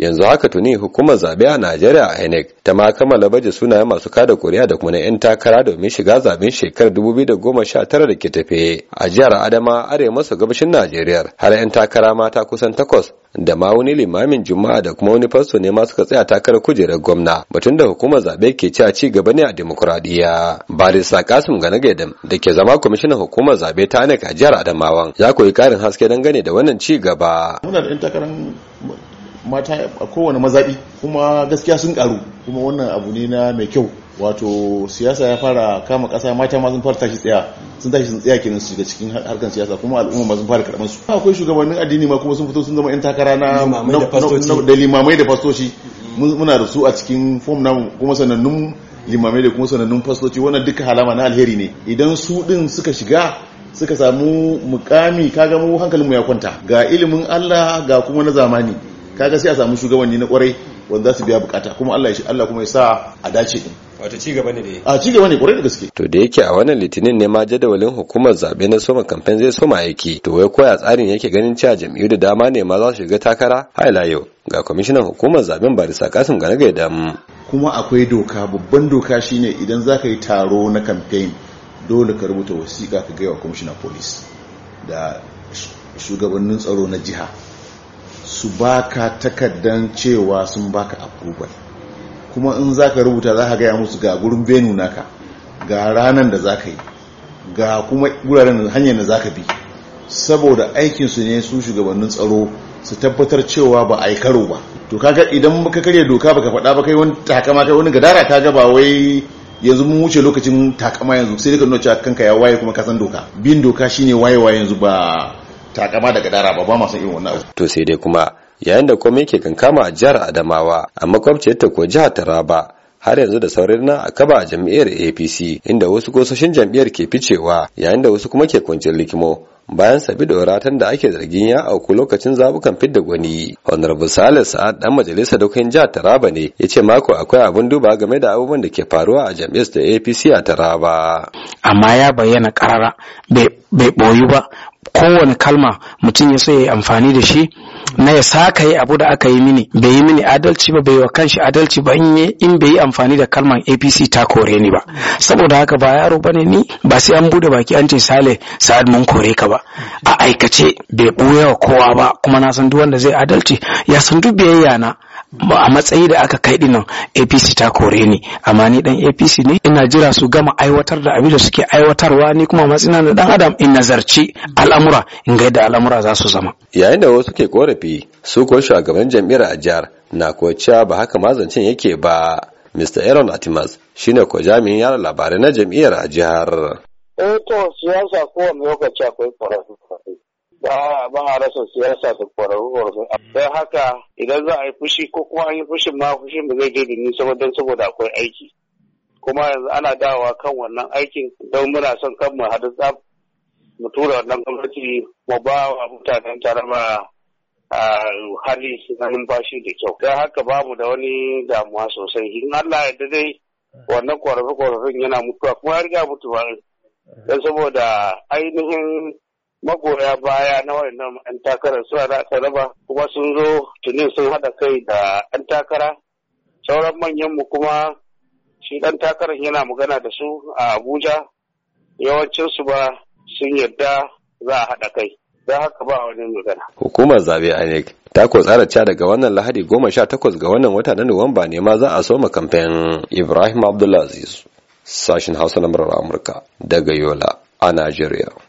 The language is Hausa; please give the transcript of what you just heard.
yanzu haka tuni hukumar zabe a Najeriya a INEC ta ma kammala baje sunayen masu kada kuri'a da kuma na 'yan takara domin shiga zaben shekarar 2019 da ke tafe a jihar Adama arewa maso gabashin Najeriya har 'yan takara mata kusan takwas da ma wani limamin juma'a da kuma wani fasto ne ma suka tsaya takarar kujerar gwamna batun da hukumar zabe ke ci a ci gaba ne a demokuraɗiyya barista kasim ganagaidam da ke zama kwamishinan hukumar zabe ta a jihar adamawan ya koyi karin haske dangane da wannan ci gaba mata a kowane mazaɓi kuma gaskiya sun karu kuma wannan abu ne na mai kyau wato siyasa ya fara kama ƙasa mata ma sun fara tashi tsaya sun tashi sun tsaya kenan su shiga cikin harkar siyasa kuma al'umma ma sun fara karɓar su akwai shugabannin addini ma kuma sun fito sun zama yan takara na da limamai da fastoci muna da su a cikin fom namu kuma sanannun limamai da kuma sanannun fastoci wannan duka halama na alheri ne idan su din suka shiga suka samu mukami kaga mu hankalinmu ya kwanta ga ilimin Allah ga kuma na zamani kaga sai a samu shugabanni na kwarai wanda za su biya bukata kuma Allah ya shi Allah kuma ya sa a dace din wato ci gaba ne da a ci gaba ne kwarai da gaske to da yake a wannan litinin ne ma jadawalin hukumar zabe na soma kamfen zai soma aiki to wai koya tsarin yake ganin cewa jam'iyyu da dama ne ma za su shiga takara ila yau ga kwamishinan hukumar zaben barisa kasim Ganaga ga mu kuma akwai doka babban doka shine idan za ka yi taro na kamfen dole ka rubuta wasiƙa ka gaya wa kwamishinan polis da shugabannin tsaro na jiha su baka takardan cewa sun baka approval kuma in zaka rubuta za ka gaya musu ga gurin benu naka ga ranar da ka yi ga kuma guraren hanyar da za ka bi saboda aikinsu ne su shugabannin tsaro su tabbatar cewa ba a yi karo ba to kaga idan muka karya doka baka faɗa ba kai wani takama kai wani gadara ta ga wai yanzu mun wuce lokacin takama yanzu sai duka nuna kanka ya waye kuma ka san doka bin doka shine wayewa yanzu ba takama daga dara ba ba masu irin wannan abu to sai dai kuma yayin da komai ke kankama a jihar Adamawa a makwabciyar ta ko jihar Taraba har yanzu da saurin na a kaba a jam'iyyar APC inda wasu gososhin jami'ar ke ficewa yayin da wasu kuma ke kwanciyar likimo bayan sabi da ratan da ake zargin ya auku lokacin zabukan fidda gwani honorable sale sa'ad dan majalisa dokokin jihar taraba ne ya ce mako akwai abin duba game da abubuwan da ke faruwa a jam'iyyar apc a taraba amma ya bayyana karara bai bai ɓoyu ba kowane kalma mutum ya so ya yi amfani da shi na ya saka yi abu da aka yi mini bai yi mini adalci ba bai wa kanshi adalci ba in bai yi amfani da kalman apc ta kore ni ba saboda haka ba yaro ba ne ni ba sai an bude baki an ce sale sa'ad mun kore ka ba a aikace bai ɓoye kowa ba kuma na san duk wanda zai adalci ya san duk biyayya na a matsayi da aka kai dinnan apc ta kore ni amma ni dan apc ne ina jira su gama aiwatar da abin da suke aiwatarwa ni kuma matsina da dan adam in nazarci al'amura in ga yadda al'amura za su zama yayin da wasu ke korafi su ko shugaban jam'iyyar a jihar na ko cewa ba haka mazancin yake ba mr aaron atimas shine ko jami'in yara labarai na jam'iyyar a jihar eh to siyasa kowane lokaci akwai korafi Ah, ba a rasa siyasa da kwararru kwararru don haka idan za a yi fushi ko kuma an yi fushin ma fushin ba zai je da nisa ba don saboda akwai aiki kuma yanzu ana dawowa kan wannan aikin don muna son kan mu haɗu tsaf mu tura wannan gwamnati mu ba wa mutanen tarama a ah, hali na numfashi da kyau don haka babu da wani damuwa sosai in Allah ya dai wannan kwararru kwararrun yana mutuwa kuma ya riga mutuwa don saboda ainihin magoya baya na wayannan 'yan takara suna da aka raba kuma sun zo tunin sun haɗa kai da 'yan takara sauran manyanmu kuma shi ɗan takarar yana magana da su a abuja yawancinsu ba sun yarda za a haɗa kai za haka ba wani magana. Hukumar zabe INEC ta ko tsara ca daga wannan Lahadi goma sha takwas ga wannan wata na Nuwamba ne ma za a soma kamfen Ibrahim Abdulaziz sashin Hausa na murar Amurka daga Yola a Najeriya.